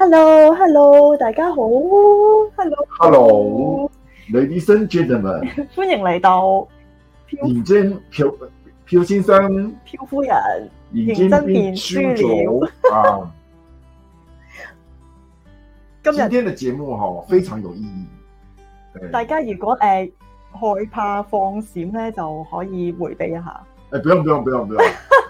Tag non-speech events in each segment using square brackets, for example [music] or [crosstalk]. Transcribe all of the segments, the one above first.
Hello，Hello，大家好。Hello，Hello，Ladies and Gentlemen，歡迎嚟到。認真漂漂先生，漂夫人，認真便輸了。今日今天的節目哈非常有意義。大家如果誒，害怕放閃咧，就可以回避一下。誒，不用，不用，不用。不要。 [laughs]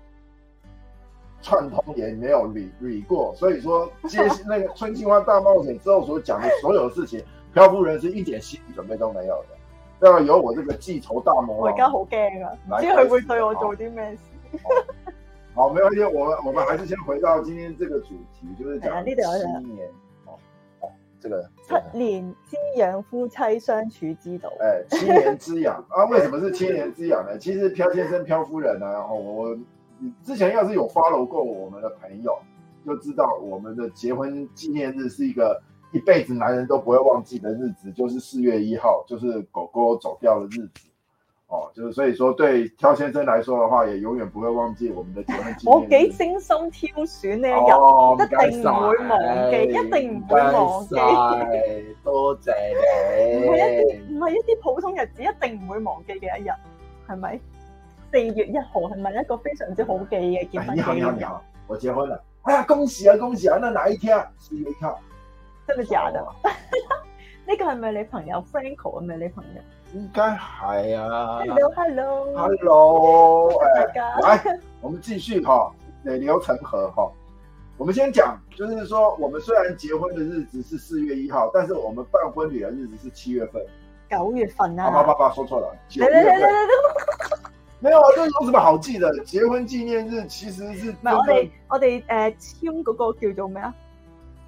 串通也沒有捋捋過，所以說接那個《春青蛙大冒險》之後所講的所有事情，漂夫 [laughs] 人是一點心理準備都沒有的。要有我這個記仇大魔王的。我而家好驚啊，唔知佢會對我做啲咩事 [laughs] 好。好，沒關係，我我們還是先回到今天這個主題，就是講七年。 [laughs] 哦哦、這個七年之癢夫妻相處之道。誒，七年之癢 [laughs] 啊？為什麼是七年之癢呢？ [laughs] 其實漂先生、漂夫人啊，哦、我。之前要是有 follow 過我們的朋友，就知道我們的結婚紀念日是一個一輩子男人都不會忘記的日子，就是四月一號，就是狗狗走掉的日子，哦、啊，就是所以說對漂先生來說的話，也永遠不會忘記我們的結婚紀念日。我幾精心挑選呢一日，一定唔會忘記的一，一定唔會忘記。多謝，唔係一唔係一啲普通日子，一定唔會忘記嘅一日，係咪？四月一號係咪一個非常之好記嘅結婚，你好。我結婚啦！啊，恭喜啊恭喜啊！那哪一天啊？四月一號。真的假的？呢個係咪你朋友 Franco 啊？係咪你朋友？應該係啊。Hello hello hello。誒，來，我們繼續哈，淚流成河哈。我們先講，就是說，我們雖然結婚的日子是四月一號，但是我們辦婚禮的日子是七月份、九月份啊。唔好唔好唔好，說錯了，九月。沒有啊，呢有什麼好記的結婚紀念日其實是，唔係我哋我哋誒、呃、簽嗰個叫做咩啊？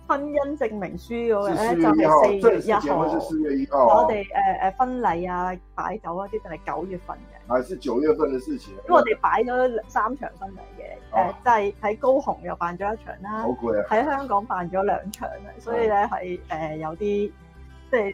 婚姻證明書嗰個咧就係四月一號。正式結婚是四月一號。號哦、我哋誒誒婚禮啊擺酒嗰啲都係九月份嘅，係、啊、是九月份嘅事情。因為我哋擺咗三場婚禮嘅，誒即係喺高雄又辦咗一場啦、啊，好攰喺、啊、香港辦咗兩場、啊，所以咧係誒有啲即係。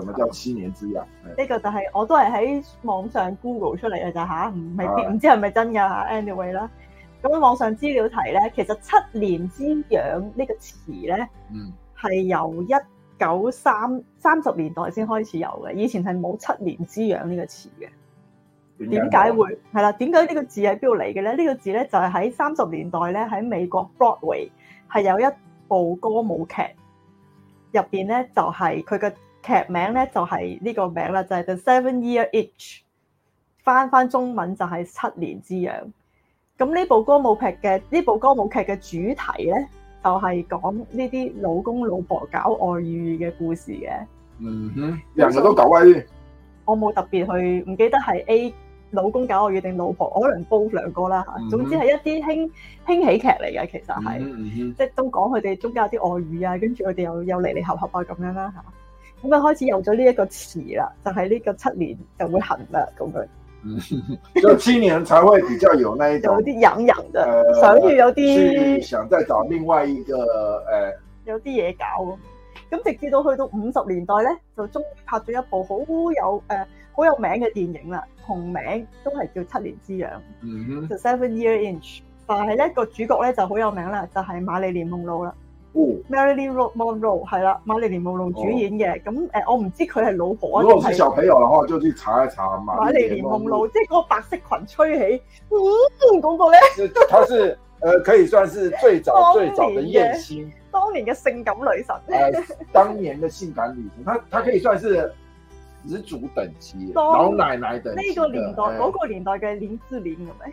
什麼叫七年之癢？呢、嗯，這個就係、是、我都係喺網上 Google 出嚟嘅咋吓，唔係唔知係咪真噶吓、啊，anyway 啦。咁網上資料提咧，其實七年之癢呢個詞咧，嗯，係由一九三三十年代先開始有嘅，以前係冇七年之癢呢個詞嘅。點解會係啦？點解呢個字喺邊度嚟嘅咧？呢、這個字咧就係喺三十年代咧，喺美國 Broadway 係有一部歌舞劇，入邊咧，就係佢嘅。劇名咧就係呢個名啦，就係 The Seven Year Itch，翻翻中文就係七年之癢。咁呢部歌舞劇嘅呢部歌舞劇嘅主題咧，就係講呢啲老公老婆搞外遇嘅故事嘅。嗯哼，人人都狗威。我冇特別去，唔記得係 A 老公搞外遇定老婆，可能 both 兩個啦吓。總之係一啲輕輕喜劇嚟嘅，其實係，即係都講佢哋中間有啲外遇啊，跟住佢哋又又離離合合啊，咁樣啦吓。咁啊，開始有咗呢一個詞啦，就係、是、呢個七年就會行啦，咁樣。嗯，就七年才會比較有呢，啲。 [laughs] 有啲養人嘅，想要有啲。想再找另外一個誒，呃、有啲嘢搞。咁直至到去到五十年代咧，就終於拍咗一部好有誒好、呃、有名嘅電影啦，同名都係叫《七年之癢》。嗯哼。就 Seven Year Inch，但係咧個主角咧就好有名啦，就係瑪麗蓮夢露啦。Marilyn Road Monroe 係啦，瑪麗蓮夢露主演嘅，咁誒，我唔知佢係老婆啊。如果唔係小朋友嘅話，就去查一查瑪莉莉莉。瑪麗蓮夢露即係嗰個白色裙吹起，嗯，嗰、那個咧。佢，他是誒、呃，可以算是最早的最早嘅艷星，當年嘅性感女神。誒、呃，當年嘅性感女神，他，他可以算是。子主等級，當 老奶奶等級的，呢個年代嗰對個年代嘅林志玲咁樣，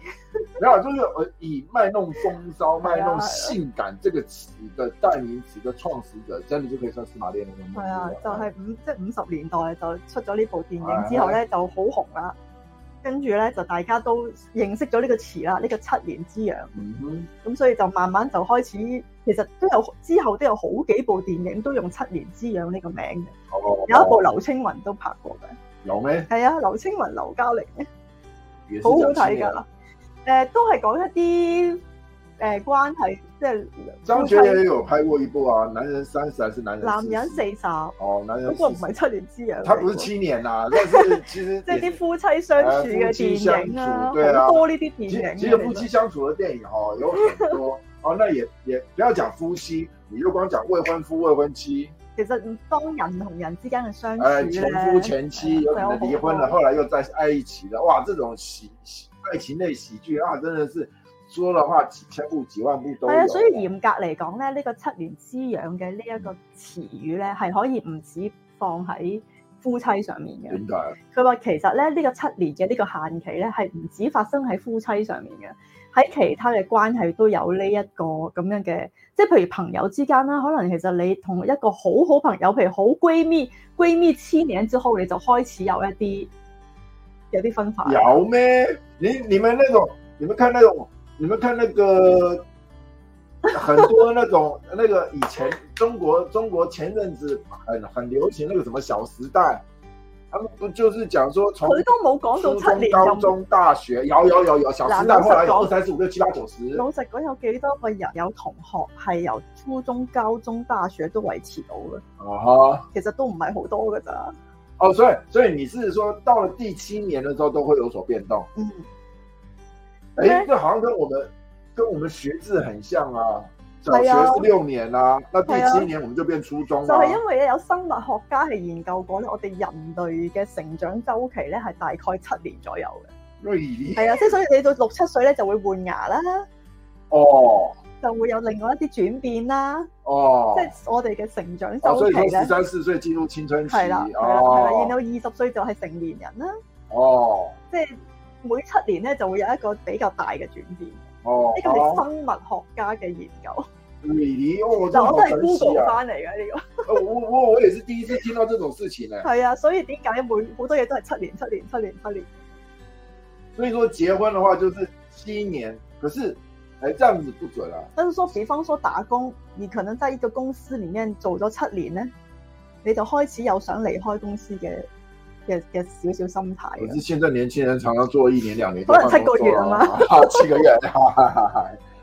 然後 [laughs] 就是以賣弄風騷、賣弄性感這個詞嘅代名詞嘅創始者，真係就可以算瑪麗蓮夢嗎？係啊， [laughs] 就係五即係五十年代就出咗呢部電影之後咧就好紅啦， [laughs] 跟住咧就大家都認識咗呢個詞啦，呢、這個七年之癢，嗯哼，咁所以就慢慢就開始。其實都有之後都有好幾部電影都用七年之癢呢個名嘅，有一部劉青雲都拍過嘅。有咩？係啊，劉青雲、劉嘉玲，好好睇噶啦。誒，都係講一啲誒關係，即係夫妻。張學友有拍過一部啊，男人三十還是男人，男人四十。哦，男人不過唔係七年之癢，佢唔係七年啊，但是其實即係啲夫妻相處嘅電影啊。好多呢啲電影。其實夫妻相處嘅電影哦，有很多。哦，那也也不要講夫妻，你又光講未婚夫未婚妻。其實當人同人之間嘅相處咧，前夫前妻，有可能離婚了，後來又再愛一起的，哇，這種喜愛情類喜劇啊，真的是，說的話幾千部幾萬部都有，啊啊。所以嚴格嚟講咧，呢、這個七年之癢嘅呢一個詞語咧，係可以唔止放喺夫妻上面嘅。點解的？佢話其實咧呢、這個七年嘅呢個限期咧，係唔止發生喺夫妻上面嘅。喺其他嘅關係都有呢一個咁樣嘅，即係譬如朋友之間啦、啊，可能其實你同一個好好朋友，譬如好閨蜜，閨蜜七年之後你就開始有一啲有啲分化。有咩？你你們那種你們看那種你們看那個很多那種 [laughs] 那個以前中國中國前陣子很很流行那個什麼《小時代》。他們不就是講說從初中高中大學，佢都冇講到七年，高中、大學，有有有有，小時代後來二三四五六七八九十。老實講，有幾多個人有，有同學係由初中、高中、大學都維持到嘅？哦、啊、哈其實都唔係好多噶咋。哦，所以所以你是說到了第七年的時候都會有所變動？嗯，誒，這 Okay. 好像跟我們跟我們學制很像啊。小學六年啦，啊，啊、那第七年我們就變初中、啊啊。就係、是、因為咧，有生物學家係研究過咧，我哋人類嘅成長周期咧係大概七年左右嘅。咁 Really? 啊，係啊，即係所以你到六七歲咧就會換牙啦。哦。Oh. 就會有另外一啲轉變啦。哦。即係我哋嘅成長周期，oh. 啊。所以，十三四歲進入青春期啦。啦，oh. 啊，係啦，啊啊，然後二十歲就係成年人啦，啊。哦。即係每七年咧就會有一個比較大嘅轉變。哦。呢個係生物學家嘅研究。你哋、哎、哦，我都係、啊、google 翻嚟嘅呢個。 [laughs] 我我我也是第一次聽到這種事情咧、啊。係 [laughs] 啊，所以點解每好多嘢都係七年、七年、七年、七年？所以說結婚嘅話就是七年，可是誒，還這樣子不準、啊、但是說，比方說打工，你可能在一個公司裏面做咗七年呢，你就開始有想離開公司嘅嘅嘅少少心態。可是現在年輕人常常做一年兩年，可能 [laughs] 七個月啦，七個月，哈哈哈。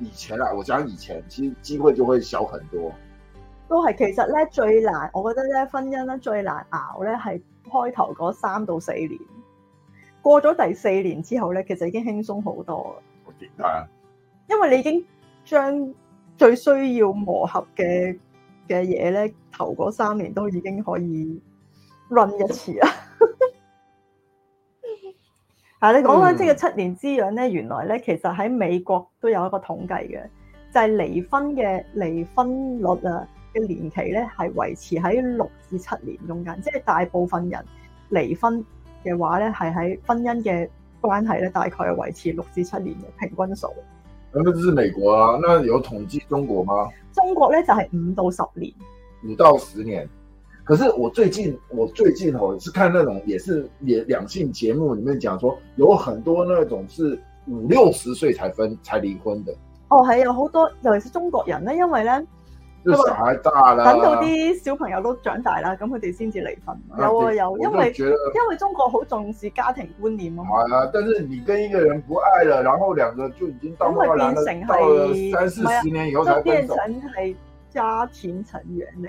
以前啊，我講以前，其實機會就會少很多。都係其實咧，最難，我覺得咧，婚姻咧最難熬咧係開頭嗰三到四年。過咗第四年之後咧，其實已經輕鬆好多。點解啊？因為你已經將最需要磨合嘅嘅嘢咧，頭嗰三年都已經可以 run 一次啦。 [laughs] 嗱，你講返即係七年之癢咧，嗯、原來咧其實喺美國都有一個統計嘅，就係、是、離婚嘅離婚率啊嘅年期咧，係維持喺六至七年中間，即、就、係、是、大部分人離婚嘅話咧，係喺婚姻嘅關係咧，大概係維持六至七年嘅平均數。咁嗰個係美國啊，咁有統計中國嗎？中國咧就係五到十年。五到十年。可是我最近我最近哦，是看那種也是也兩性節目裏面講說，有很多那種是五六十歲才分才離婚的。哦，係有好多尤其是中國人咧，因為咧，就小孩大啦，等到啲小朋友都長大啦，咁佢哋先至離婚嘛，啊有。有啊有，因為因為中國好重視家庭觀念啊，哦、嘛。係啊，但是你跟一個人不愛了，然後兩個就已經因為變成係三四十年以後才變成係家庭成員嚟。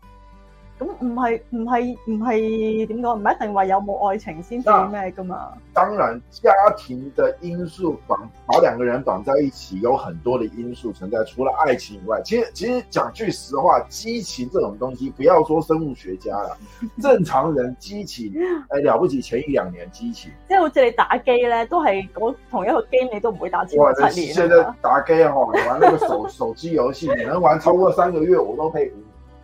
咁唔係唔係唔係點講？唔一定話有冇愛情先至咩噶嘛？當然，家庭的因素綁把兩個人綁在一起，有很多的因素存在。除了愛情以外，其實其實講句實話，激情這種東西，不要說生物學家啦，正常人激情誒 [laughs] 了不起，前一兩年激情，即係好似你打機咧，都係我同一個 game 你都唔會打超過七年，哇，你現在打 game 嗬， [laughs] 你玩那個手 [laughs] 手機遊戲，你能玩超過三個月，我都佩服。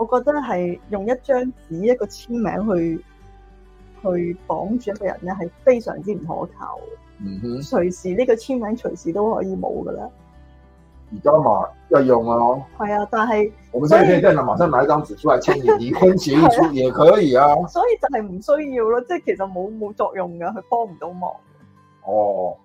我覺得係用一張紙一個簽名去去綁住一個人咧，係非常之唔可靠。嗯哼，隨時呢個簽名隨時都可以冇噶啦。而家嘛，一用啊，係啊，但係我們真係真馬上拿一張紙出嚟簽名結婚紙，可以啊。所以就係唔需要咯，即係 [laughs] 其實冇冇作用噶，佢幫唔到忙。哦。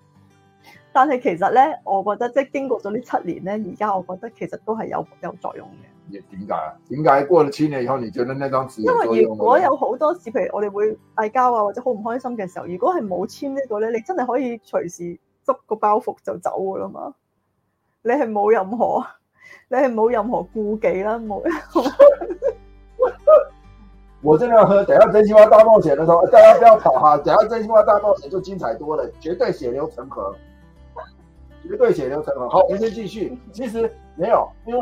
但係其實咧，我覺得即係經過咗呢七年咧，而家我覺得其實都係有有作用嘅。點解？點解過咗七年以後，你覺得呢張紙，因為如果有好多事，譬如我哋會嗌交啊，或者好唔開心嘅時候，如果係冇簽呢個咧，你真係可以隨時執個包袱就走噶啦嘛。你係冇任何，你係冇任何顧忌啦，啊，冇。 [laughs] 我真係要喝，等下真心話大冒險嘅時候，大家不要跑哈。等下真心話大冒險就精彩多了，絕對血流成河，絕對血流成河。好，我先繼續。其實沒有，因為。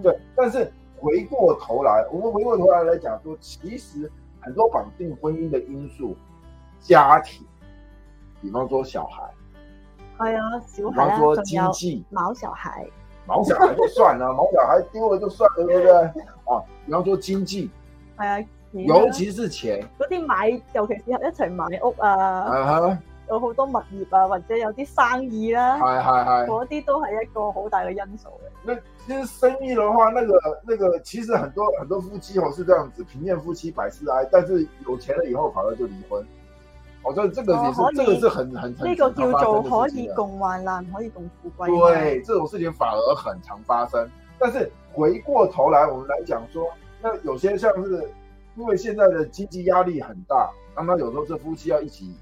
對，但是回過頭來，我們回過頭來來講，說其實很多綁定婚姻的因素，家庭，比方說小孩，係啊、哎，小孩仲、啊、有毛小孩？毛小孩就算了 [laughs] 毛小孩丟了就算了 [laughs] 對不對？啊，比方說經濟，係啊、哎呀，尤其是錢，嗰啲買，尤其是一齊買屋啊。Uh huh. 有好多物業啊，或者有啲生意啦、啊，係係係，嗰啲都係一個好大嘅因素。那其實生意嘅話，那個那個其實很多很多夫妻哦，是這樣子，貧賤夫妻百事哀、啊，但是有錢了以後，反而就離婚。哦，所以這個也是，oh, 這個是很很，很的啊、這個叫做可以共患難，可以共富貴。對耶，對耶這種事情反而很常發生。但是回過頭來，我們來講說，那有些像是因為現在的經濟壓力很大，咁樣有時候，這夫妻要一起。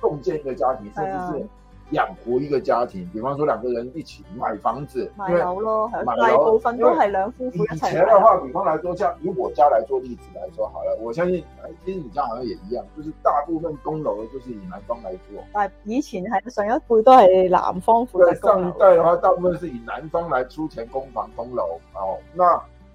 共建一個家庭，甚至是養活一個家庭。啊、比方說兩個人一起買房子，買樓咯，對買樓大部分都係兩夫婦一齊。以前的話，比方吧來說，像以我家來做例子來說，好了，我相信，其實你家好像也一樣，就是大部分供樓就是以男方來做。啊，以前係上一輩都係男方負責供樓。上一代的話，大部分是以男方來出錢供房供樓。好，那。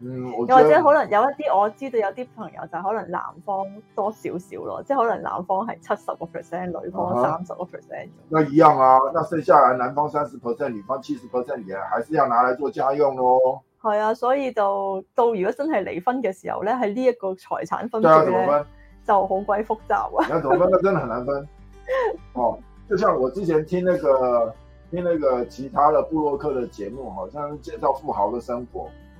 又、嗯、或者可能有一啲我知道有啲朋友就可能男方多少少咯，即係可能男方係七十個 percent，女方三十個 percent。那一樣啊，那剩下來男方三十 percent，女方七十 percent，也還是要拿來做家用咯。係啊，所以就到，到如果真係離婚嘅時候咧，係呢一個財產分配就好鬼複雜啊。要怎麼分？啊、那麼分那真係很難分。 [laughs] 哦，就像我之前聽那個聽那個其他的部落客嘅節目，好像介紹富豪嘅生活。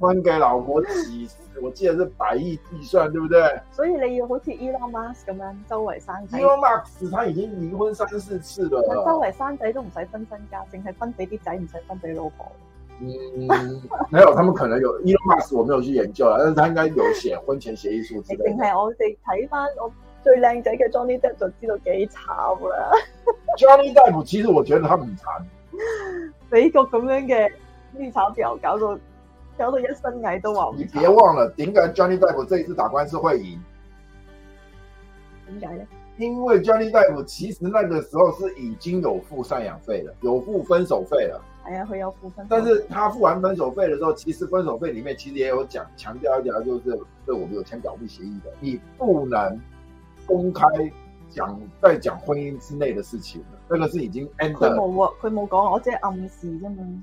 分給老婆幾，我記得是百億計算，對不對？所以你要好似 Elon Musk 咁樣周圍生仔。Elon Musk 他已經離婚三四次啦，佢周圍生仔都唔使分身家，淨係分俾啲仔，唔使分俾老婆。嗯，嗯，沒有，他們可能有 [laughs] Elon Musk，我沒有去研究啦，但係他應該有寫婚前協議書之類。淨係我哋睇翻我最靚仔嘅 Johnny Depp 就知道幾慘啦。 [laughs] Johnny Depp 其實我覺得佢很慘，美國咁樣嘅虐炒表搞到。搞到一身矮都話唔出。你別忘了，點解 Johnny 大夫這一次打官司會贏？點解呢？因為 Johnny 大夫其實那個時候是已經有付贍養費了，有付分手費了。哎呀，會要付分手費。但是他付完分手費的時候，其實分手費裏面其實也有講強調一下，就是，就是我們有簽保密協議的，你不能公開講再講婚姻之內的事情。那個是已經 end。佢冇啊，佢冇講，我只係暗示啫嘛。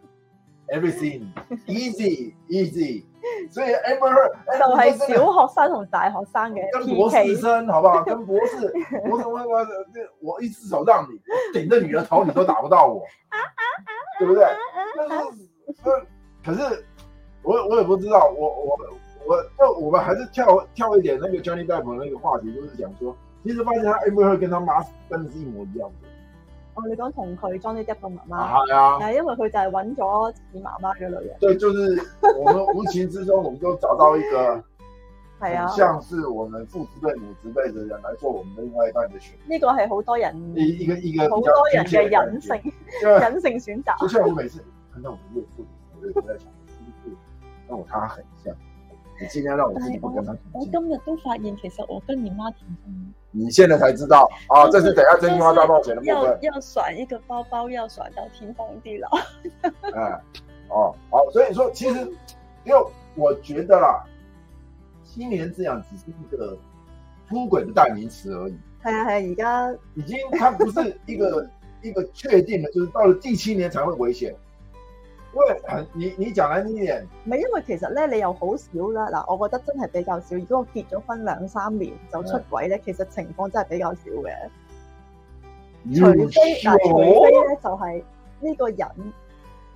Everything easy easy， [laughs] 所以 Emma e mer，就係小學生同大學生嘅跟博士生，好不好？跟博士， [laughs] 博士我我我我，我，我一隻手讓你頂住女兒頭，你都打不到我， [laughs] 對不對？但係，可是我我也不知道，我我我，就我，我，我們還是跳跳一點那個 Johnny Depp 那個話題，就是講說，其實發現他 Emma 會跟他媽真係一模一樣。 [laughs] 我、哦、你講同佢裝呢一個媽媽，係啊，係、啊、因為佢就係揾咗自己媽媽嘅女人。對，就是我們無情之中， [laughs] 我們就找到一個係啊，像是我們父子輩、 [laughs] 母子輩嘅人嚟做我們的另外一半嘅選擇。呢個係好多人，一個一個好多人嘅隱性隱為性選擇。而且 [laughs] 我每次看到我嘅岳父岳母，我都在想，岳父同我他很像。你盡量讓我自己不跟他比今日，哎喔，都發現，其實我跟你媽挺。你現在才知道啊？喔就是，這是等下真心話大冒險的部分。要要耍一個包包，要耍到天荒地老。啊、嗯、哦，好，所以說其實，因為我覺得啦，七年之癢只是一個出軌的代名詞而已。係啊係，而家已經，它不是一個，嗯，一個確定的，就是到了第七年才會危險。喂你你講緊呢啲嘢，唔係因為其實咧你又好少啦嗱，我覺得真係比較少。如果我結咗婚兩三年就出軌咧，嗯、其實情況真係比較少嘅。除非嗱，除非咧就係、是、呢個人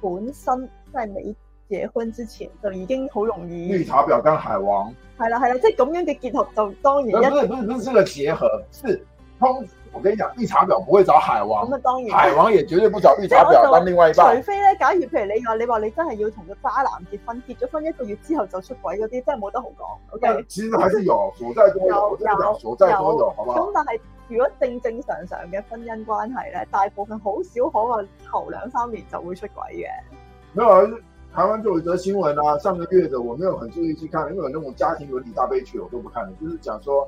本身即係未結婚之前就已經好容易綠茶婊跟海王。係啦係啦，即係咁樣嘅結合就當然。因係唔係唔係，個結合，是通。我跟你講，綠茶婊不會找海王，嗯、那當然，海王也絕對不找綠茶婊當另外一半。除非咧，假如譬如你話，你話你真係要同個渣男結婚，結咗婚一個月之後就出軌嗰啲，真係冇得好講。Okay? OK，其實還是有，所在多有，所在多 [laughs] 有，所在多有，好嗎有？咁吧但係如果正正常常嘅婚姻關係咧，大部分好少可能頭兩三年就會出軌嘅。沒有，台灣就有一則新聞啊，上個月就我沒有很注意去看，因為有那種家庭倫理大悲劇，我都不看了，就是講說。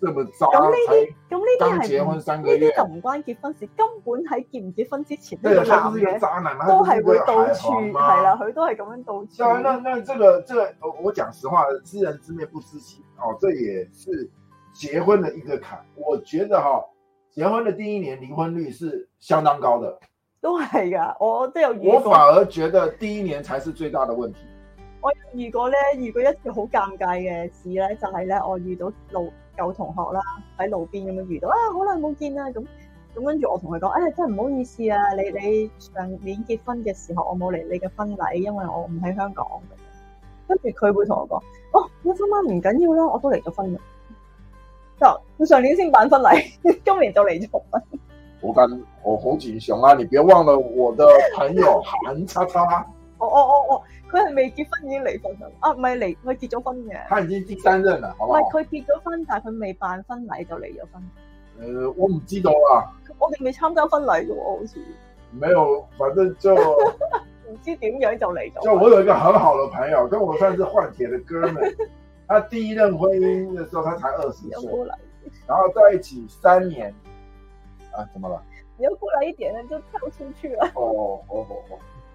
咁呢啲，咁呢啲係唔呢啲就唔關結婚事，根本喺結唔結婚之前個渣男都爭嘅，啊、都係會到處係啦，佢都係咁樣到處。但係，那那這個，這個、我講實話，知人知面不知心哦，這也是結婚的一個坎。我覺得哈、哦，結婚的第一年離婚率是相當高的，都係㗎。我都有，我反而覺得第一年才是最大的問題。我如果咧，如果一件好尷尬嘅事咧，就係、是、咧，我遇到路有同學啦，喺路邊咁樣遇到啊，好耐冇見啦咁咁跟住我同佢講，誒、哎、真係唔好意思啊，你你上年結婚嘅時候我冇嚟你嘅婚禮，因為我唔喺香港。跟住佢會同我講，哦，一翻晚唔緊要啦，我都離咗婚啦，就、哦、佢上年先辦婚禮，今年就離咗婚。我講我好自雄啊，你別忘了我的朋友韓叉叉、啊 [laughs] 我。我我我我。佢係未結婚已經離婚啊？啊，唔係離，佢結咗婚嘅。佢已經第三任啦，好唔好？唔係佢結咗婚，但係佢未辦婚禮就離咗婚。誒、呃，我唔知道啊。我哋未參加婚禮嘅喎，好似。沒有，反正就唔 [laughs] 知點樣就離咗。就我有一個很好的朋友，跟我算是換帖嘅哥們。 [laughs] 他第一任婚姻嘅時候，他才二十歲，然後在一起三年。啊，怎麼啦？你要過來一點，就跳出去了、啊。哦哦哦哦。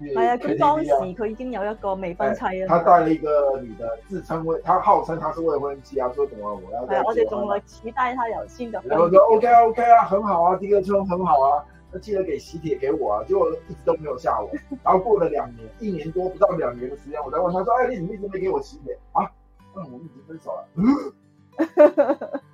係啊，佢是 [music] 當時佢已經有一個未婚妻啊，佢帶、哎、了一個女的，自稱為，他號稱他是未婚妻啊，說怎麼我要、啊。帶、哎。我哋仲未期待他有新的。我說 OK OK 啊，很好啊，第二春很好啊，那記得給喜帖給我啊，結果一直都沒有下我。然後過了兩年， [laughs] 一年多不到兩年的時間，我再問他說：，你、哎、怎你一直沒給我喜帖啊？嗯，我們已經分手了、啊 [laughs]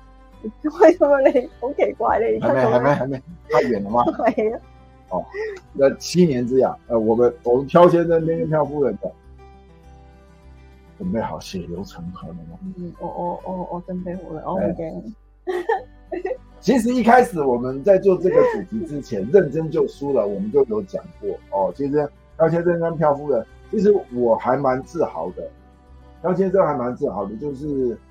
為什麼你好奇怪你？還沒、還沒、還沒，太遠了嗎？係 [laughs] 啊。哦，那七年之癢，呃，我們，我們飄先生、跟飄夫人的，準備好血流成河了嗎？嗯，我、我、我、我準備好了，哎、我唔驚 [laughs] 其實一開始我們在做這個主題之前，認真就輸了，我們就有講過哦。其實飄先生跟飄夫人，其實我還蠻自豪的，飄先生還蠻自豪的，就是。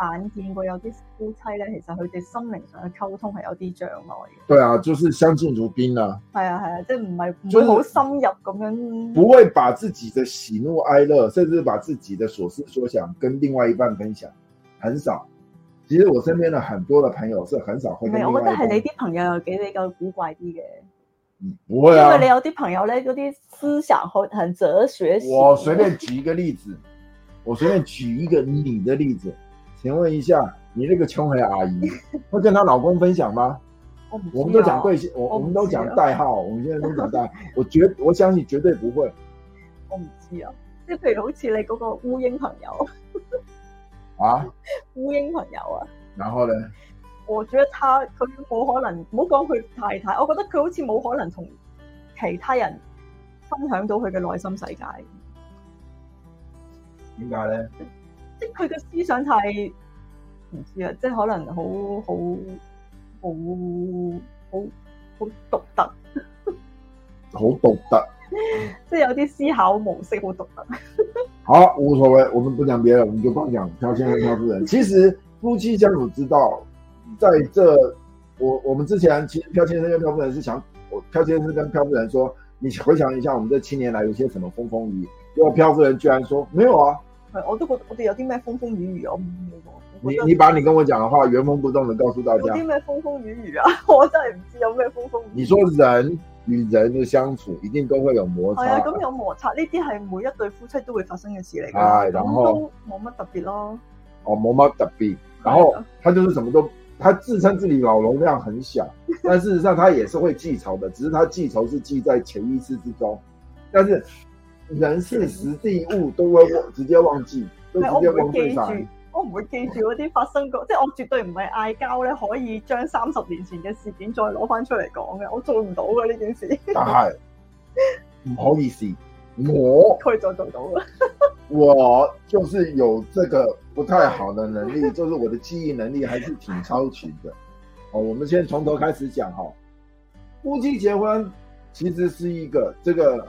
眼見過有啲夫妻咧，其實佢哋心靈上嘅溝通係有啲障礙嘅。對啊，就是相敬如賓啊。係啊係啊，即係唔係唔會好深入咁樣。唔會把自己嘅喜怒哀樂，甚至把自己的所思所想跟另外一半分享，很少。其實我身邊嘅很多嘅朋友是很少會。我覺得係你啲朋友有幾比較古怪啲嘅。嗯，唔會啊。因為你有啲朋友咧，嗰啲思想好很哲學。我隨便舉一個例子， [laughs] 我隨便舉一個你的例子。請問一下，你那個窮黑阿姨 [laughs] 會跟她老公分享嗎？我，啊、我們都講對，我、啊、我們都講代號，我，啊、我們現在都講代 [laughs] 我絕。我覺我相信絕對不會。我唔知啊，即、就、係、是、譬如好似你嗰個烏蠅朋、， [laughs] 啊、朋友啊，烏蠅朋友啊，然後咧，我覺得他佢冇可能，唔好講佢太太，我覺得佢好似冇可能同其他人分享到佢嘅內心世界。點解咧？即係佢嘅思想係唔知啊，即係可能好好好好好獨特， [laughs] 好獨特，即係 [laughs] 有啲思考模式好獨特。 [laughs] 好，無所謂，我們不講別嘢，我們就光講。漂先生、漂夫人， [laughs] 其實夫妻相處之道，在這我我們之前，其實漂先生跟漂夫人是想，我漂先生跟漂夫人說，你回想一下，我們這七年來有些什麼風風雨雨。結果漂夫人居然說：沒有啊。我都覺得，我哋有啲咩風風雨雨我我你你把你跟我講的話原封不動地告訴大家。有啲咩風風雨雨啊？我真係唔知道有咩風風雨雨。你說人與人的相處一定都會有摩擦。係啊，咁有摩擦呢啲係每一對夫妻都會發生嘅事嚟嘅。係、哎，然後冇乜特別咯。哦，冇乜特別。然後他就是什麼都，他自稱自己腦容量很小，但事實上他也是會記仇的，只是他記仇是記在潛意識之中，但是。人事時地物都會忘，直接忘記，的都直接忘記，我唔會記住，我唔會記住嗰啲發生過， [laughs] 即係我絕對唔係嗌交咧，可以將三十年前嘅事件再攞翻出嚟講嘅，我做唔到嘅呢件事。但係唔好意思，我佢就 [laughs] 做到， [laughs] 我就是有這個不太好的能力，就是我嘅記憶能力還是挺超群嘅。哦，我哋先從頭開始講哈，夫妻結婚其實是一個這個。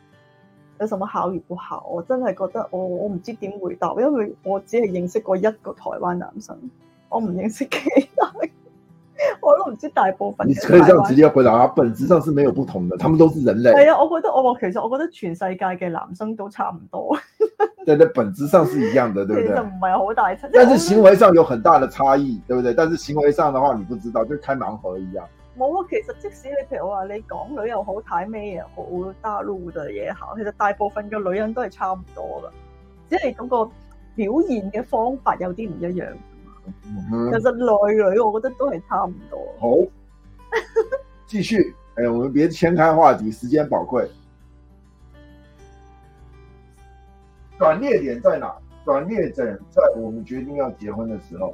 有什麼考慮不考我，哦？我真係覺得我我唔知點回答，因為我只係認識過一個台灣男生，我唔認識其他，我都唔知大部分。你可以這樣直接回答啊，本質上是沒有不同的，他們都是人類。係啊，我覺得我其實我覺得全世界嘅男生都差唔多， [laughs] 對對，本質上是一樣嘅。對，唔係好大差。但是行為上有很大的差異，對唔對？但是行為上嘅話，你不知道就開盲盒一樣。冇啊！其實即使你譬如話你港女又好睇咩嘢好大陸嘅嘢好，其實大部分嘅女人都係差唔多噶，只係嗰個表現嘅方法有啲唔一樣。嗯、其實內女，女我覺得都係差唔多。好， [laughs] 繼續。哎、呃、我們別牽開話題，時間寶貴。轉捩點在哪？轉捩點在我們決定要結婚嘅時候。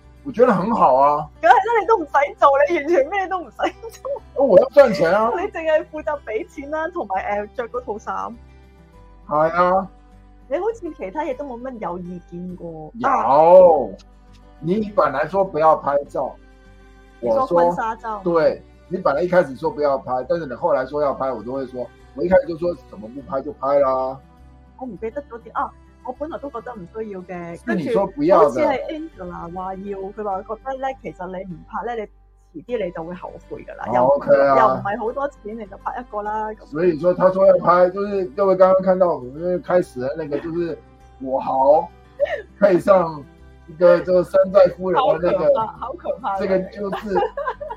我覺得很好啊，咁係真係你都唔使做，你完全咩都唔使做。我要賺錢啊！ [laughs] 你淨係負責俾錢啦，同埋誒着個套衫。係啊，呃、啊你好似其他嘢都冇乜有意見過。有，你本來說不要拍照，你說我說婚紗照，對，你本來一開始說不要拍，但是你後來說要拍，我都會說，我一開始就說，怎麼不拍就拍啦。我唔記得多啲啊！我本來都覺得唔需要嘅，即係你說不要，跟住好似係 Angela 話要，佢話覺得咧，其實你唔拍咧，你遲啲你就會後悔噶啦。O K 好不啊，又唔係好多錢，你就拍一個啦。所以說，他說要拍，就是各位剛剛看到我們開始嘅那個，就是我好配上一個就個山寨夫人的那個， [laughs] 好可怕，可怕，這個就是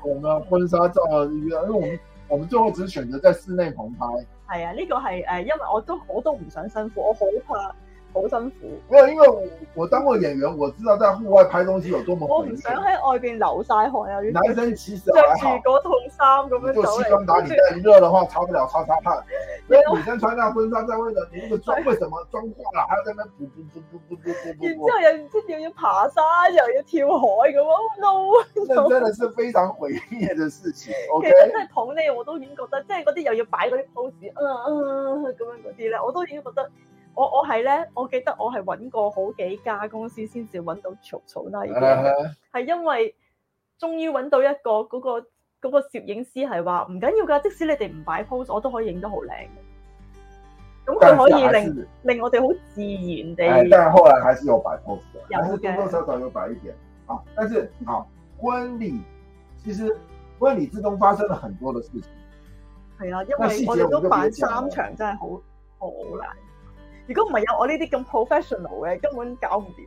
我們婚紗照啊，因為，我們我們最後只選擇在室內棚拍。係啊， [laughs] 呢個係誒，因為我都我都唔想辛苦，我好怕。好辛苦，沒有，因為我我當過演員，我知道在戶外拍東西有多麼。我唔想喺外邊流晒汗啊！男生其實着住嗰套衫咁樣，就西裝打底，但 [laughs] 熱嘅話，擦不了，擦擦汗。因為後女生穿上婚紗在為了，再或者你個妝，為什麼妝化啦，還要對在那補補補補補補然之後又唔知要要爬山，又要跳海咁啊！No，呢、no, 真係是非常毀滅的事情。其實 okay? 捧你、啊啊，我都已經覺得，即係嗰啲又要擺嗰啲 pose，咁樣嗰啲咧，我都已經覺得。我我係咧，我記得我係揾過好幾家公司先至揾到草草啦。而家係因為終於揾到一個嗰、嗰個嗰、嗰個、攝影師，係話唔緊要噶，即使你哋唔擺 pose，我都可以影得好靚嘅。咁佢可以令是是令我哋好自然地、欸，但係後來還是有擺 pose 嘅，但的是多多少少有擺一點。啊，但是啊，婚禮其實婚禮之中發生了很多嘅事情。係啊，因為我哋都擺三場真，真係好好難。如果唔係有我呢啲咁 professional 嘅，根本搞唔掂。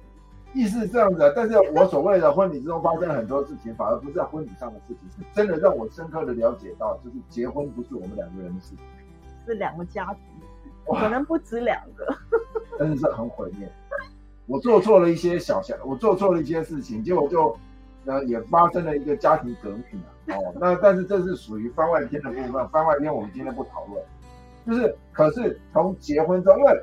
意思是這樣子、啊，但是我所謂的婚禮之中發生很多事情， [laughs] 反而不是在婚禮上的事情，真的讓我深刻的了解到，就是結婚不是我們兩個人的事情，是兩個家族，哇可能不止兩個。真 [laughs] 是，是很毀滅，我做錯了一些小嘢，我做錯了一些事情，結果就、呃，也發生了一個家庭革命、啊、哦，那但是這是屬於番外篇的部分，番外篇我們今天不討論。就是，可是從結婚中，因、欸、為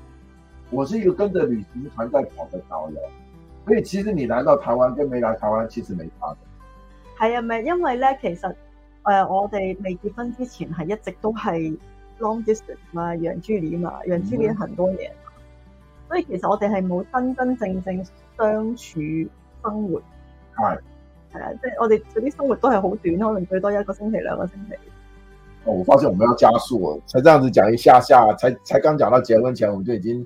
我是一個跟着旅行團在跑的導遊，所以其實你嚟到台灣跟沒嚟台灣其實沒差嘅。係啊，咪因為咧，其實誒、呃，我哋未結婚之前係一直都係 long distance 啊，養豬年啊，養豬年很多嘢，嗯、所以其實我哋係冇真真正正相處生活。係係是啊，即、就、係、是、我哋嗰啲生活都係好短，可能最多一個星期、兩個星期。哦，我發現我們要加速，才這樣子講一下下，才才剛講到結婚前，我就已經。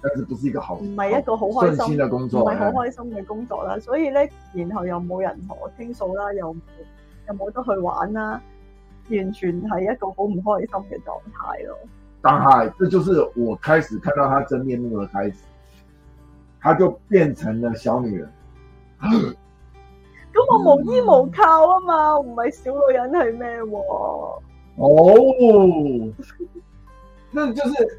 但是不是一個好，唔係一個好開心嘅工作，唔係好開心嘅工作啦，嗯、所以呢，然後又冇人同我傾訴啦，又又冇得去玩啦，完全係一個好唔開心嘅狀態咯。但係，這就是我開始看到他真面目嘅開始，他就變成咗小女人。咁我無依無靠啊嘛，唔係小女人係咩？哦，那就是。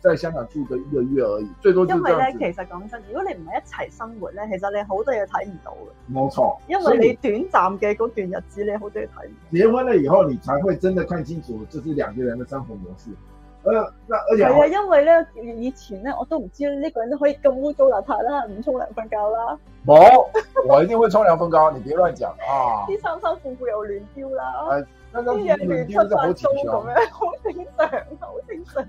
在香港住個月一個月而已，最多就因為咧，其實講真，如果你唔係一齊生活咧，其實你好多嘢睇唔到嘅。冇錯錯，因為你短暫嘅嗰段日子，以你好多嘢睇唔到。結婚了以後，你才會真的看清楚，這、就是兩個人嘅生活模式、呃。而那係啊，因為咧以前咧，我都唔知呢、這個人都可以咁污糟邋遢啦，唔沖涼瞓覺啦。冇、哦，我一定會沖涼瞓覺， [laughs] 你別亂講啊！啲衫衫褲褲又亂丟啦，啲嘢亂七八糟咁樣，好正常，好正常。 [laughs]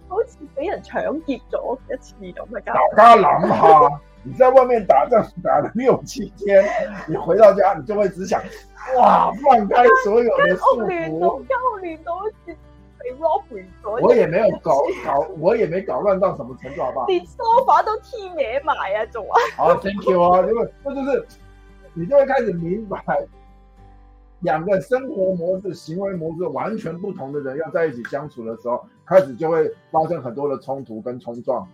好似俾人搶劫咗一次咁嘅，大家諗下， [laughs] 你在外面打仗打了六七天，你回到家你就會只想，哇，放開所有的束縛，我連東西被 lock 咗，我也沒有搞 [laughs] 搞，我也沒搞亂到什麼程度，好嘛？ [laughs] 連 sofa 都踢歪埋啊，仲啊，， [laughs] 好，thank you 啊，因為就是你就會開始明白。兩個生活模式、行為模式完全不同的人要在一起相處的時候，開始就會發生很多的衝突跟衝撞。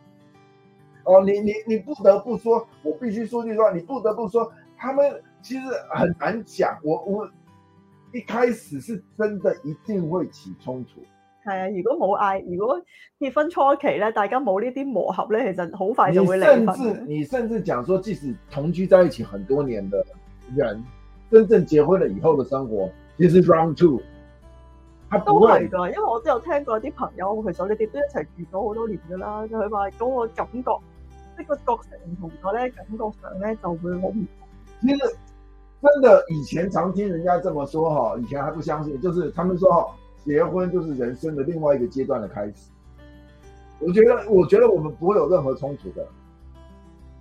哦，你你你不得不說，我必須說句話，你不得不說，他們其實很難講。我我一開始是真的一定會起衝突。是啊，如果冇愛，如果結婚初期呢，大家冇呢啲磨合呢，其實好快就會離婚。甚至你甚至講說，即使同居在一起很多年的人。真正結婚了以後的生活，其實 round two，不都係噶，因為我都有聽過啲朋友，其實你哋都一齊住咗好多年噶啦，佢話嗰個感覺，即、這、係個角色唔同咗咧，感覺上咧就會好唔同。其實，真的以前常聽人家這麼說哈，以前還不相信，就是他們說結婚就是人生的另外一個階段的開始。我覺得，我覺得我們不會有任何衝突的。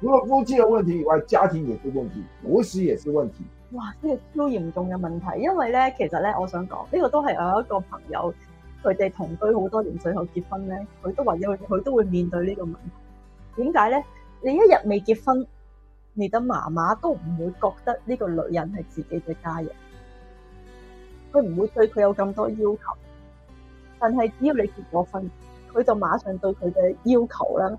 除了夫妻有問題以外，家庭也是問題，婆媳也是問題。哇，呢個超嚴重嘅問題，因為咧，其實咧，我想講呢個都係我一個朋友，佢哋同居好多年，最後結婚咧，佢都為咗，佢都會面對呢個問題。點解咧？你一日未結婚，你的媽媽都唔會覺得呢個女人係自己嘅家人，佢唔會對佢有咁多要求。但係只要你結咗婚，佢就馬上對佢嘅要求啦。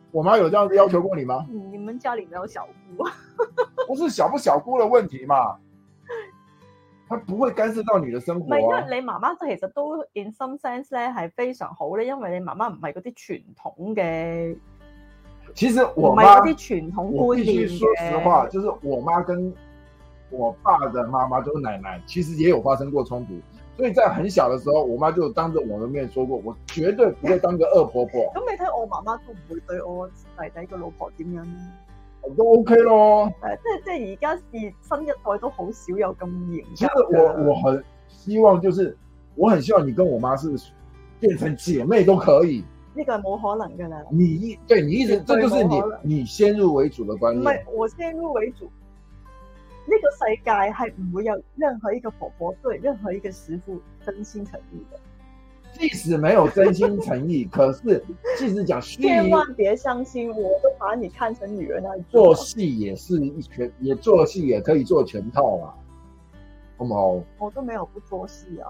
我媽有這樣的要求過你嗎？你們家裡沒有小姑， [laughs] 不是小不小姑的問題嘛？他不會干涉到你的生活啊。唔因為你媽媽其實都 in some sense 呢係非常好咧，因為你媽媽唔係嗰啲傳統嘅，其實我媽係嗰啲傳統觀念嘅。說實話，就是我媽跟我爸的媽媽，就是奶奶，其實也有發生過衝突。所以在很小的時候，我媽就當着我的面說過，我絕對不會當個惡婆婆。咁 [laughs] 你睇我媽媽都唔會對我弟弟個老婆點樣咯，都 OK 咯。誒，即係即係而家是新一代都好少有咁嚴。其實我我很希望，就是我很希望你跟我媽是變成姐妹都可以。呢個係冇可能噶啦。你一對你一直，這就是你你先入為主的觀念。唔係我先入為主。那個世界還不會有任何一個婆婆對任何一個媳婦真心誠意的，即使沒有真心誠意， [laughs] 可是即使講，千萬別相信，我都把你看成女人啦。做戲也是一全，也做戲也可以做全套啦。 [laughs] 好嗎？我都沒有不做戲啊。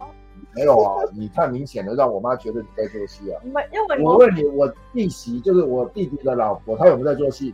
沒有啊，你太明顯了，讓我媽覺得你在做戲啊。沒，因為我,我問你，我弟媳就是我弟弟的老婆，她有沒有在做戲？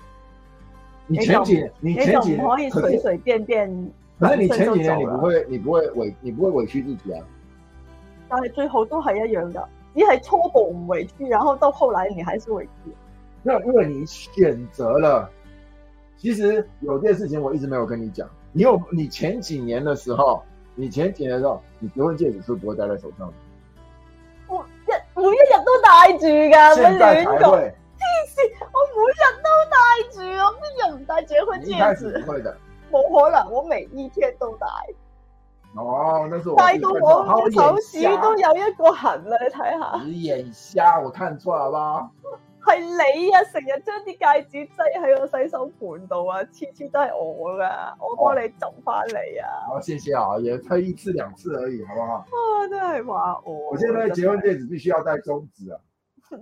你前幾年，你前幾可以隨隨便便，但係你，你前幾年你不會，你不會委，你不會委屈自己啊？但是最後都係一樣的，你係初步唔委屈，然後到後來你還是委屈。因為因為你選擇了，其實有件事情我一直沒有跟你講，你有你前幾年的時候，你前幾年的時候，你結婚戒指是不是不會戴在手上我一？我每每一日都戴住噶，唔好亂每日都戴住，指哦，不唔戴結婚戒指。唔會嘅，冇可能。我未呢天都戴。哦，那是戴到我，手，我手指都有一個痕了，你睇下。你眼瞎，我看錯啦，好不好？係你啊，成日將啲戒指擠喺個洗手盤盆度啊，次次都係我噶，我幫你執翻嚟啊。好、哦，謝謝啊，也退一次兩次而已，好不好？啊、哦，真係話我。我現在結婚戒指必須要戴中指啊。 [laughs]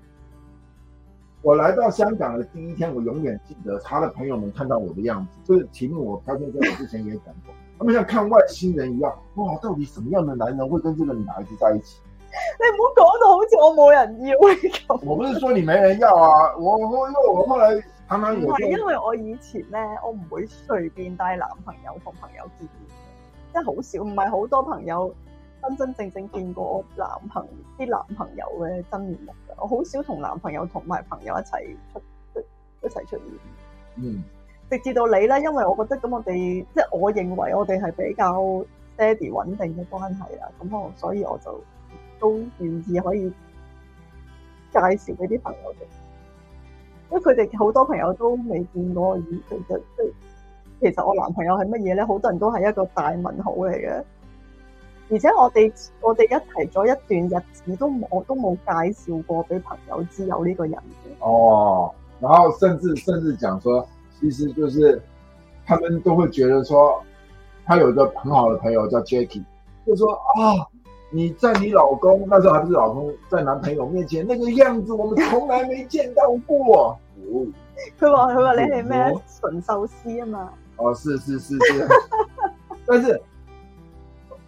我來到香港的第一天，我永遠記得他的朋友們看到我的樣子，就是題目我剛才在我之前也講過， [laughs] 他們像看外星人一樣，哇，到底什麼樣的男人會跟這個女孩子在一起？你唔好講到好似我冇人要。我不是說你沒人要啊，我我因為我我你啱啱我，我，我。因為我以前呢，我唔會隨便帶男朋友同朋友見面，即係好少，唔係好多朋友真真正正見過我男朋友啲男朋友嘅真面我好少同男朋友同埋朋友一齊出一齊出現，嗯，直至到你咧，因為我覺得咁我哋即係我認為我哋係比較爹哋穩定嘅關係啦，咁我所以我就都願意可以介紹俾啲朋友嘅，因為佢哋好多朋友都未見過我，其實即係其實我男朋友係乜嘢咧，好多人都係一個大問號嚟嘅。而且我哋我哋一齊咗一段日子都冇，都冇介紹過俾朋友知有呢個人嘅。哦，然後甚至甚至講說，其實就是，他們都會覺得說，他有一個很好的朋友叫 Jackie 就說啊、哦，你在你老公那時候，還不是老公，在男朋友面前那個樣子，我們從來沒見到過。佢話佢話你係咩純壽司啊嘛？哦，是是是是，是是 [laughs] 但是。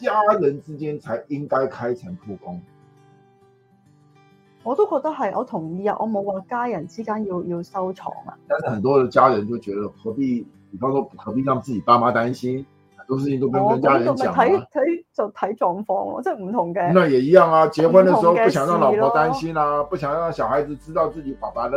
家人之間才應該開誠布公，我都覺得係，我同意啊，我冇話家人之間要要收藏啊。但是很多的家人就覺得何必，比方說何必讓自己爸媽擔心，很多事情都唔跟家人講，睇就睇狀況咯，即係唔同嘅。那也一樣啊，結婚嘅時候不想讓老婆擔心啦，啊，不想讓小孩子知道自己爸爸的。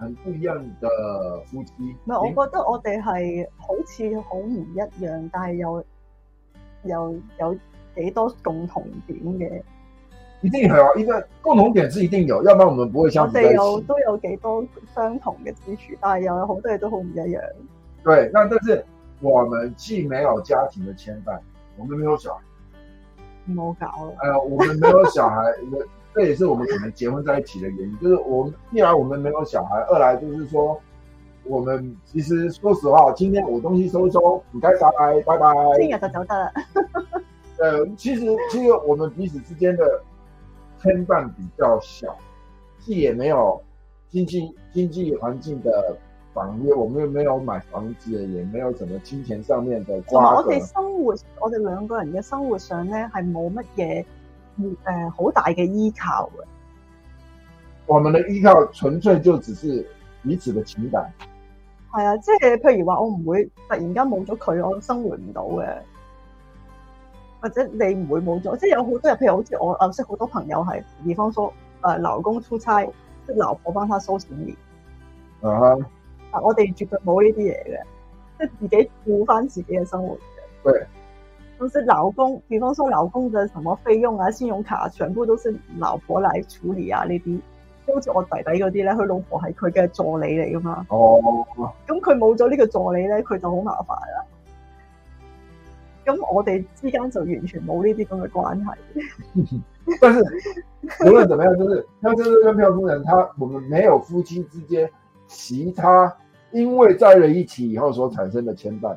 很不一樣的夫妻，唔係，我覺得我哋係好似好唔一樣，但係又又有幾多共同點嘅。一定有，啊，一個共同點是一定有，要不然我們不會相處。我哋有都有幾多相同嘅之處，但係又有好多嘢，都好唔一樣。對，那但是我們既沒有家庭嘅牽絆，我們沒有小孩。唔好搞。哎呀，我們沒有小孩。 [laughs] 這也是我們可能結婚在一起的原因，就是我們一來我們沒有小孩，二來就是說我們其實說實話，今天我東西收收，你該拜拜拜拜，今日就走得了。呃、 [laughs] 嗯，其實其實我們彼此之間的牽絆比較小，既也沒有經濟經濟環境的綁約，我們又沒有買房子，也沒有什麼金錢上面的。我哋生活，我哋兩個人嘅生活上呢，係冇乜嘢。誒，好大嘅依靠嘅。我們嘅依靠純粹就只是彼此嘅情感。係啊，即係譬如話，我唔會突然間冇咗佢，我生活唔到嘅。或者你唔會冇咗，即係有好多人，譬如好似我認識好多朋友係，比方說誒，老公出差，即係老婆幫他收行李。啊、uh！啊、huh.，我哋絕對冇呢啲嘢嘅，即係自己顧返自己嘅生活嘅。對。咁都是老公，比方說老公的什麼費用啊，信用卡全部都是老婆來處理啊呢啲。好似我弟弟嗰啲咧，佢老婆係佢嘅助理嚟噶嘛。哦，咁佢冇咗呢個助理咧，佢就好麻煩啦。咁、嗯嗯嗯、我哋之間就完全冇呢啲咁嘅關係。Nexus : diez mi 但是無論怎麼樣，就是，佢就是跟漂夫人他，他我們沒有夫妻之間其他因為在了一起以後所產生的牽絆。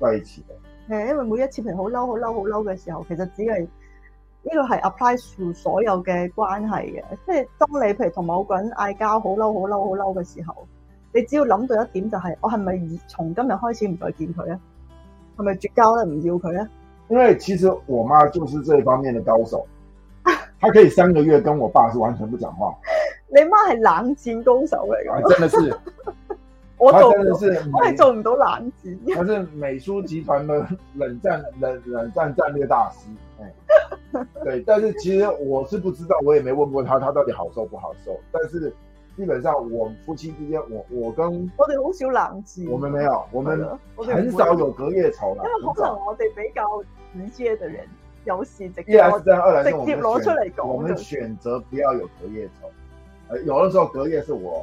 在一起嘅係，因為每一次平好嬲、好嬲、好嬲嘅時候，其實只係呢個係 apply 住所有嘅關係嘅，即係當你譬如同某個人嗌交，好嬲、好嬲、好嬲嘅時候，你只要諗到一點就係，我係咪從今日開始唔再見佢咧？係咪絕交咧？唔要佢咧？因為其實我媽就是這方面的高手， [laughs] 她可以三個月跟我爸是完全不講話。 [laughs] 你媽係冷戰高手嚟噶，真的是 [laughs] 我做唔到子，我係做唔到冷戰。他是美蘇集團的冷戰冷冷戰戰略大師，欸、 [laughs] 對，但是其實我是不知道，我也沒問過他，他到底好受不好受。但是基本上我夫妻之間，我我跟我哋好少冷戰，我們沒有，我們很少有隔夜仇啦。因為可能我哋比較直接的人，有時直接我直接攞出嚟講。Yes，我們選擇、就是、不要有隔夜仇，有的時候隔夜是我。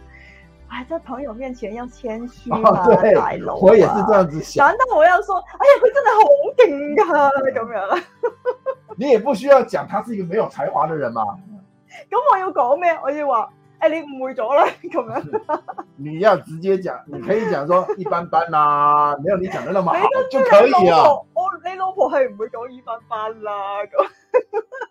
喺在、哎、朋友面前要謙虛、啊，啊大佬啊、我也是這樣子想。但我要說，哎呀，佢真係好勁㗎你咁樣？ [laughs] 你也不需要講，他是一個沒有才華的人嘛。咁我要講咩？我要話，誒、嗯，你誤會咗啦，咁、嗯、樣。嗯、你要直接講，你可以講說一般般啦， [laughs] 沒有你講得那麼好 [laughs] 你你就可以啊。我你老婆係唔會講一般般啦咁。 [laughs]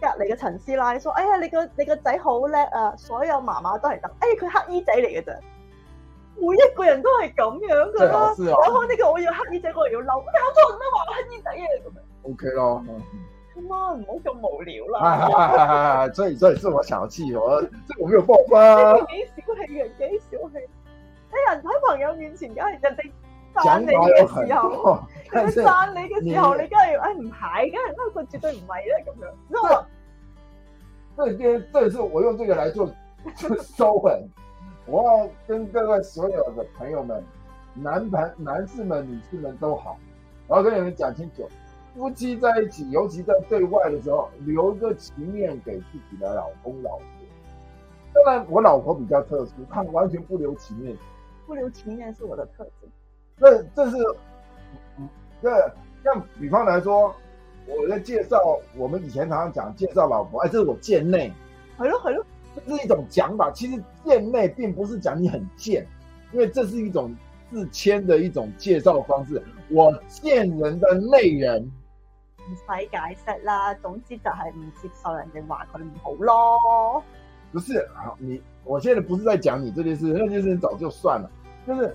隔籬嘅陳師奶說，哎呀，你個你個仔好叻啊！所有媽媽都係得，哎，佢黑衣仔嚟嘅咋，每一個人都係咁樣噶啦。好呢、啊、個我要黑衣仔，我又要嬲，搞錯唔得話黑衣仔啊？咁樣，O K 咯。阿媽唔好咁無聊啦。 [laughs] [laughs] [laughs] 所以，所以，所，以所以我小氣，我，所以我冇爆啊。 [laughs] [laughs] 你幾小氣嘅？幾小氣？喺人喺、 [laughs] 哎、朋友面前，梗係人哋讚你嘅時候，佢讚你嘅時候，你梗係要誒唔係嘅，因為佢絕對唔係咧咁樣。因為，因為正是我用這個來做收尾。 [laughs] 我要跟各位所有的朋友們，男朋友男士們、女士們都好，我要跟你們講清楚，夫妻在一起，尤其在對外的時候，留一個情面給自己的老公老婆。當然，我老婆比較特殊，她完全不留情面。不留情面是我的特色。那這是，那像比方來說，我在介紹我們以前常常講介紹老婆，哎，這是我賤內。係咯係咯，是這是一種講法，其實賤內並不是講你很賤，因為這是一種自謙的一種介紹方式。我賤人的內人，唔使解釋啦，總之就係唔接受人哋話佢唔好咯。不是你，我現在不是在講你這件事，那件事你早就算了，就是。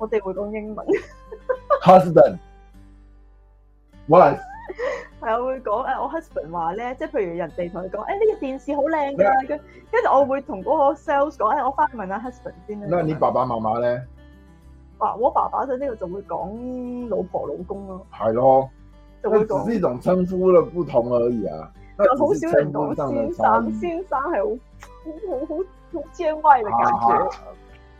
我哋會講英文。husband，wife，係。我會講誒，我 husband 話咧，即係譬如人哋同佢講，誒呢個電視好靚噶，跟跟住我會同嗰個 sales 講，誒我翻去問下 husband 先啦。那你爸爸媽媽咧？我我爸爸就呢度就會講老婆老公咯。係咯，就會講一種稱呼嘅不同而已啊。就好少人講先生，先生，係好好好見外嘅感覺。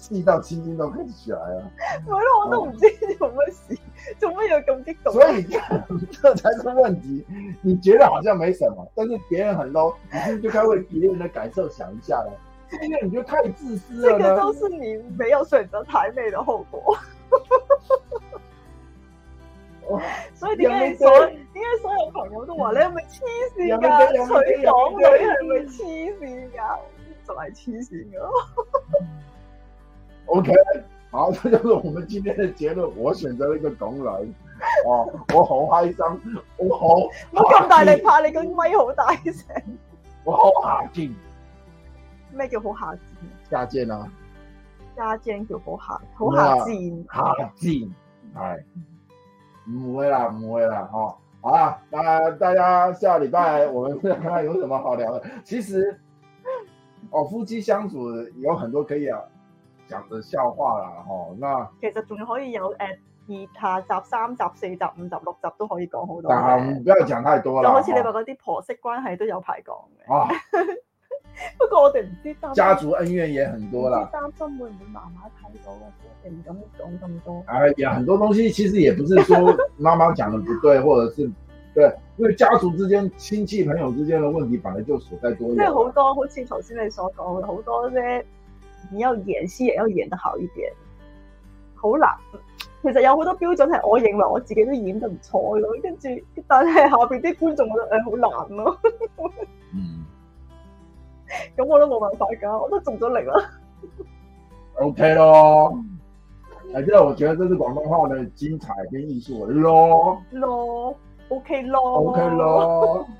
氣到青筋都開始起來了，唔係我都唔知做乜事，做乜有咁激動。所以，這才是問題。你覺得好像沒什麼，但是別人很嬲，你就應該為別人的感受想一下咯。因為你就太自私了這個都是你沒有選擇台妹的後果。所以點解所因為所有朋友都話你係咪黐綫噶？娶港女係咪黐綫噶？就係黐綫噶！O、okay, K，好，這就是我們今天的結論。我選擇了一個港女，哦，我好開心，我好，我咁大力拍你個咪，好大聲，我好下賤。咩叫好下賤？下賤啊，下賤叫好下，好下賤，下賤係唔會啦，唔會啦，哦，好啦，那大家下禮拜我們再看看有什麼好聊的。其實，哦，夫妻相處有很多可以啊。講的笑話啦，嗬、哦，那其實仲可以有誒，二下集、三集、四集、五集、六集都可以講好多。啊，唔不要講太多啦。就好似你話嗰啲婆媳關係都有排講嘅。啊、哦， [laughs] 不過我哋唔知擔。家族恩怨也很多啦。擔心會唔會麻麻睇到啊？唔敢咁講咁多。哎呀，很多東西其實也不是說媽媽講得不對， [laughs] 或者是對，因為家族之間、親戚朋友之間嘅問題本來就所在多有。即係好多，好似頭先你所講嘅好多啫。你要演戲，也要演得好一點，好難。其實有好多標準係，我認為我自己都演得唔錯咯。跟住，但係下面啲觀眾覺得誒好難咯、啊。嗯，咁 [laughs] 我都冇辦法噶，我都盡咗力啦。O K 咯，反正我覺得這是廣東話嘅精彩嘅藝術咯，咯，O K 咯，O K 咯。Okay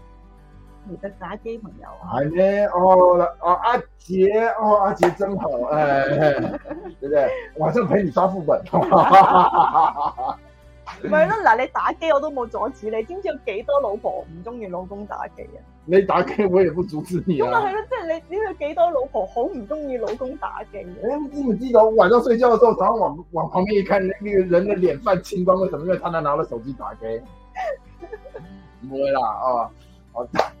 而得打機朋友啊，係咩？哦、oh, 嗱、oh,，哦阿杰，哦阿杰真好，哎， [laughs] 對唔對？晚上陪你刷副本，唔咪咯嗱，你打機我都冇阻止你，知唔知有幾多老婆唔中意老公打機啊,啊, [laughs] 啊？你打機我亦都冇阻止你，咁咪係咯，即係你知唔知幾多老婆好唔中意老公打機？你知唔知道晚上睡覺嘅時候，早上往往旁邊一看，呢個人嘅臉泛青光，為什麼？因為他那拿着手機打機，唔會啦，哦、啊，好。 [laughs]